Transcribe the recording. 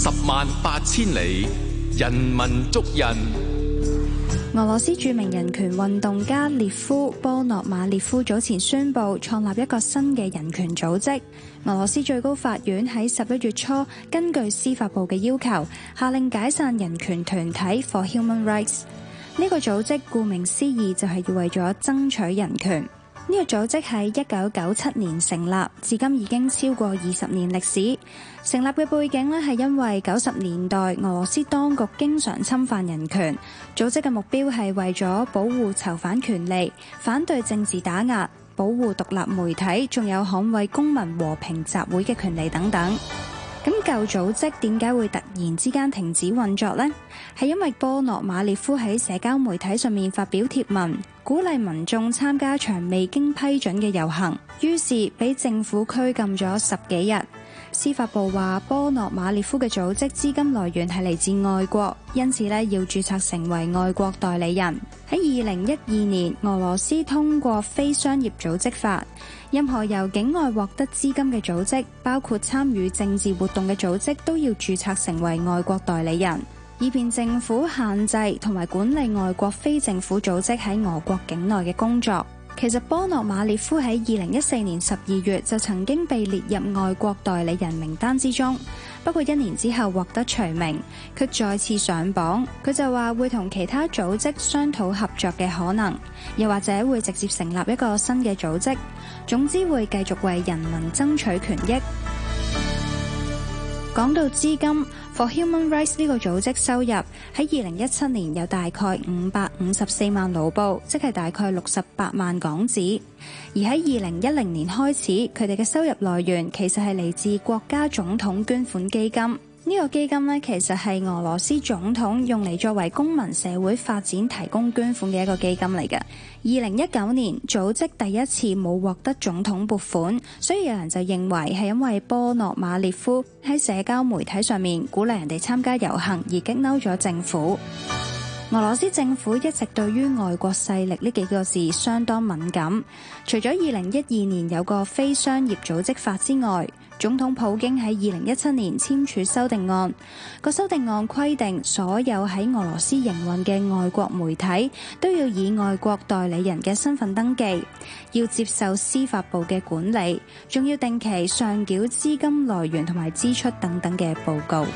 十萬八千里，人文足印。俄羅斯著名人權運動家列夫·波諾馬列夫早前宣布創立一個新嘅人權組織。俄羅斯最高法院喺十一月初，根據司法部嘅要求，下令解散人權團體 For Human Rights。呢個組織顧名思義，就係要為咗爭取人權。呢個組織喺一九九七年成立，至今已經超過二十年歷史。成立嘅背景呢，係因為九十年代俄羅斯當局經常侵犯人權。組織嘅目標係為咗保護囚犯權利、反對政治打壓、保護獨立媒體，仲有捍衛公民和平集會嘅權利等等。舊組織點解會突然之間停止運作呢？係因為波諾馬列夫喺社交媒體上面發表貼文，鼓勵民眾參加一場未經批准嘅遊行，於是俾政府拘禁咗十幾日。司法部話波諾馬列夫嘅組織資金來源係嚟自外國，因此咧要註冊成為外國代理人。喺二零一二年，俄羅斯通過非商業組織法，任何由境外獲得資金嘅組織，包括參與政治活動嘅組織都要註冊成為外國代理人，以便政府限制同埋管理外國非政府組織喺俄國境內嘅工作。其實波諾馬列夫喺二零一四年十二月就曾經被列入外國代理人名單之中，不過一年之後獲得除名。佢再次上榜，佢就話會同其他組織商討合作嘅可能，又或者會直接成立一個新嘅組織，總之會繼續為人民爭取權益。講到資金。For Human Rights 呢個組織收入喺二零一七年有大概五百五十四萬盧布，即係大概六十八萬港紙。而喺二零一零年開始，佢哋嘅收入來源其實係嚟自國家總統捐款基金。呢個基金呢，其實係俄羅斯總統用嚟作為公民社會發展提供捐款嘅一個基金嚟嘅。二零一九年組織第一次冇獲得總統撥款，所以有人就認為係因為波諾馬列夫喺社交媒體上面鼓勵人哋參加遊行而激嬲咗政府。俄羅斯政府一直對於外國勢力呢幾個字相當敏感，除咗二零一二年有個非商業組織法之外。總統普京喺二零一七年簽署修訂案，個修訂案規定所有喺俄羅斯營運嘅外國媒體都要以外國代理人嘅身份登記，要接受司法部嘅管理，仲要定期上繳資金來源同埋支出等等嘅報告。